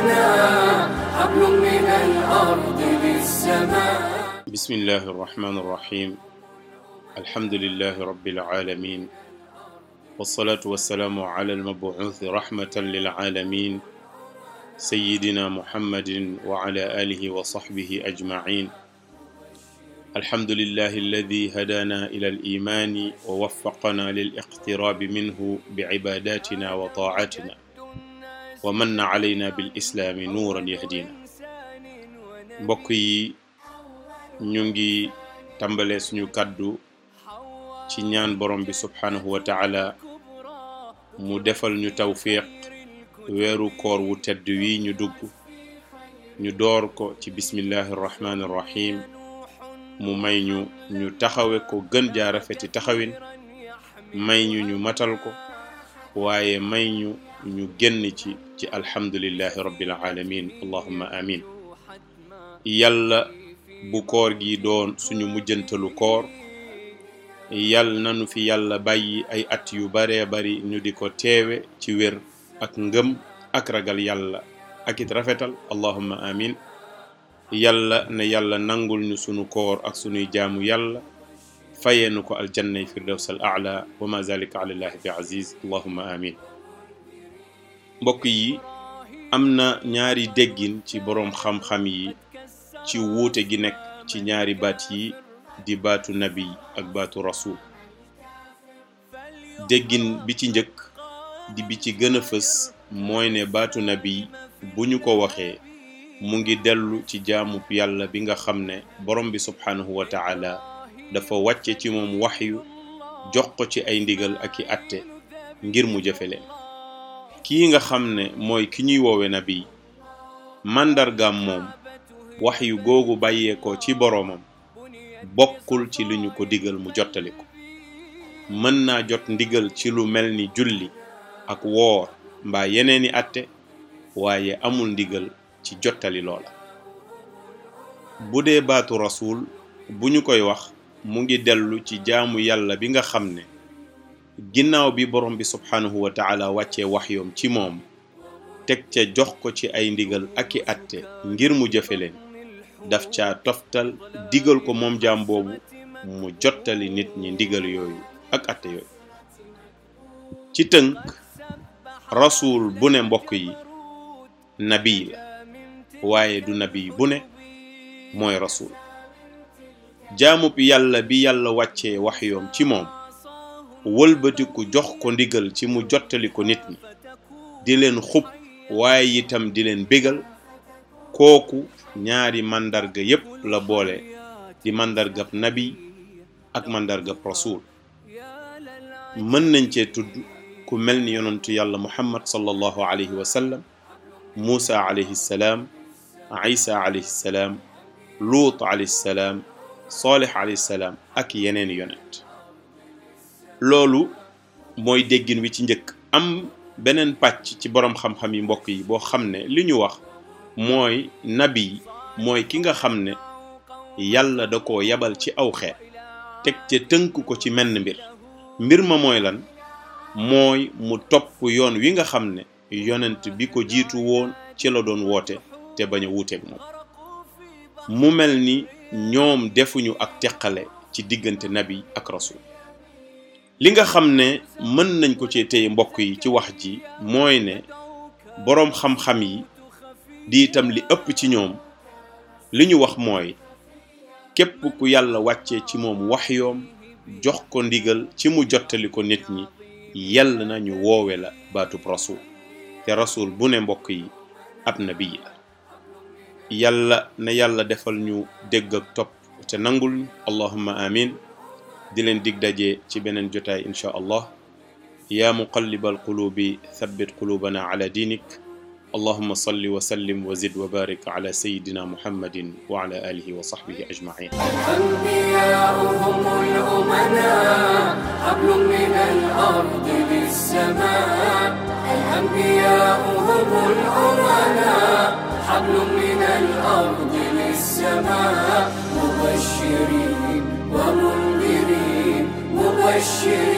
لنا حبل من الأرض للسماء بسم الله الرحمن الرحيم الحمد لله رب العالمين والصلاة والسلام على المبعوث رحمة للعالمين سيدنا محمد وعلى آله وصحبه أجمعين الحمد لله الذي هدانا إلى الإيمان ووفقنا للاقتراب منه بعباداتنا وطاعتنا wa manna alayna bil islaami nuuran yahdina mbokk yi ñu ngi tàmbalee suñu kàddu ci ñaan borom bi subhaanahu wa taala mu defal ñu tawfiq weeru koor wu tedd wi ñu dugg ñu door ko ci bismillahi mu may ñu ñu taxawe ko gën jaarafeti taxawin may ñu ñu matal ko waaye may ñu ñu génn ci ci alhamdulillahi rabbil alamin allahumma amin yàlla bu koor gi doon suñu mujjantalu koor yàll nanu fi yàlla bàyyi ay at yu bare bari ñu di ko teewe ci wér ak ngëm ak ragal yàlla ak it rafetal allahumma amin yàlla na yàlla nangul ñu sunu koor ak sunuy jaamu yàlla fayee ko aljannay firdaws al aala amin mbokk yi am na ñaari déggin ci boroom xam-xam yi ci wuute gi nekk ci ñaari baat yi di baatu nabi ak baatu rasul déggin bi ci njëkk di bi ci gën a fës mooy ne baatu nabi bu ñu ko waxee mu ngi dellu ci jaamu yàlla bi nga xam ne borom bi subhaanahu wa dafa wàcce ci moom waxyu jox ko ci ay ndigal ak i atte ngir mu jafe leen kii nga xam ne mooy ki ñuy woowe nabi màndargaam moom wax yu googu bàyyeekoo ci boroomam bokkul ci li ñu ko digal mu jottali ko mën naa jot ndigal ci lu mel ni julli ak woor mbaa yeneeni àtte waaye amul ndigal ci jottali loola bu dee baatu rasul bu ñu koy wax mu ngi dellu ci jaamu yàlla bi nga xam ne ginnaaw bi borom bi subhaanahu wa wàcce wàccee wax yoom ci moom teg ca jox ko ci ay ndigal aki i ngir mu jëfe leen daf ca toftal digal ko moom jaam boobu mu jottali nit ñi ndigal yooyu ak atte yooyu ci tënk rasuul bu ne mbokk yi nabi la waaye du nabi bu ne mooy rasuul jaamub yàlla bi yàlla wàccee wax ci moom wëlbatiku jox ko ndigal ci mu jottali ko nit ñi di leen xub waaye itam di leen bégal kooku ñaari màndarga yépp la boole di màndargab nabi ak màndargab rasul mën nañ cee tudd ku mel ni yonentu yàlla muhammad sallallahu alayhi wa sallam muusa alayhi salaam isa alayhi salaam luut alayhi salaam salaam ak yeneen yonent loolu mooy déggin wi ci njëkk am beneen pàcc ci boroom xam-xam yi mbokk yi boo xam ne li ñu wax mooy nabi mooy ki nga xam ne yàlla da ko yabal ci aw xeet teg ca tënk ko ci menn mbir mbir ma mooy lan mooy mu topp yoon wi nga xam ne yonent bi ko jiitu woon ci la doon woote te bañ a wuuteeg moom mu mel ni ñoom defuñu ak teqale ci diggante nabi ak rasul li nga xam ne mën nañ ko cee tey mbokk yi ci wax ji mooy ne boroom xam-xam yi di itam li ëpp ci ñoom li ñu wax mooy képp ku yàlla wàcce ci moom wax yoom jox ko ndigal ci mu jottali ko nit ñi yàlla na ñu woowe la baatub rasul te rasul bu ne mbokk yi ab nabi la yàlla na yàlla defal ñu dégg ak topp te nangul allahumma amin di leen dig daje ci beneen jotaay incha allah yaa muqallibal quluubi thabbit quluubana ala diinik allahumma salli wa sallim wa zid wa barik ala sayyidina muhammadin wa ala alihi wa sahbihi ajmain الأنبياء هم الأمناء حبل من الأرض للسماء مبشرين curse you.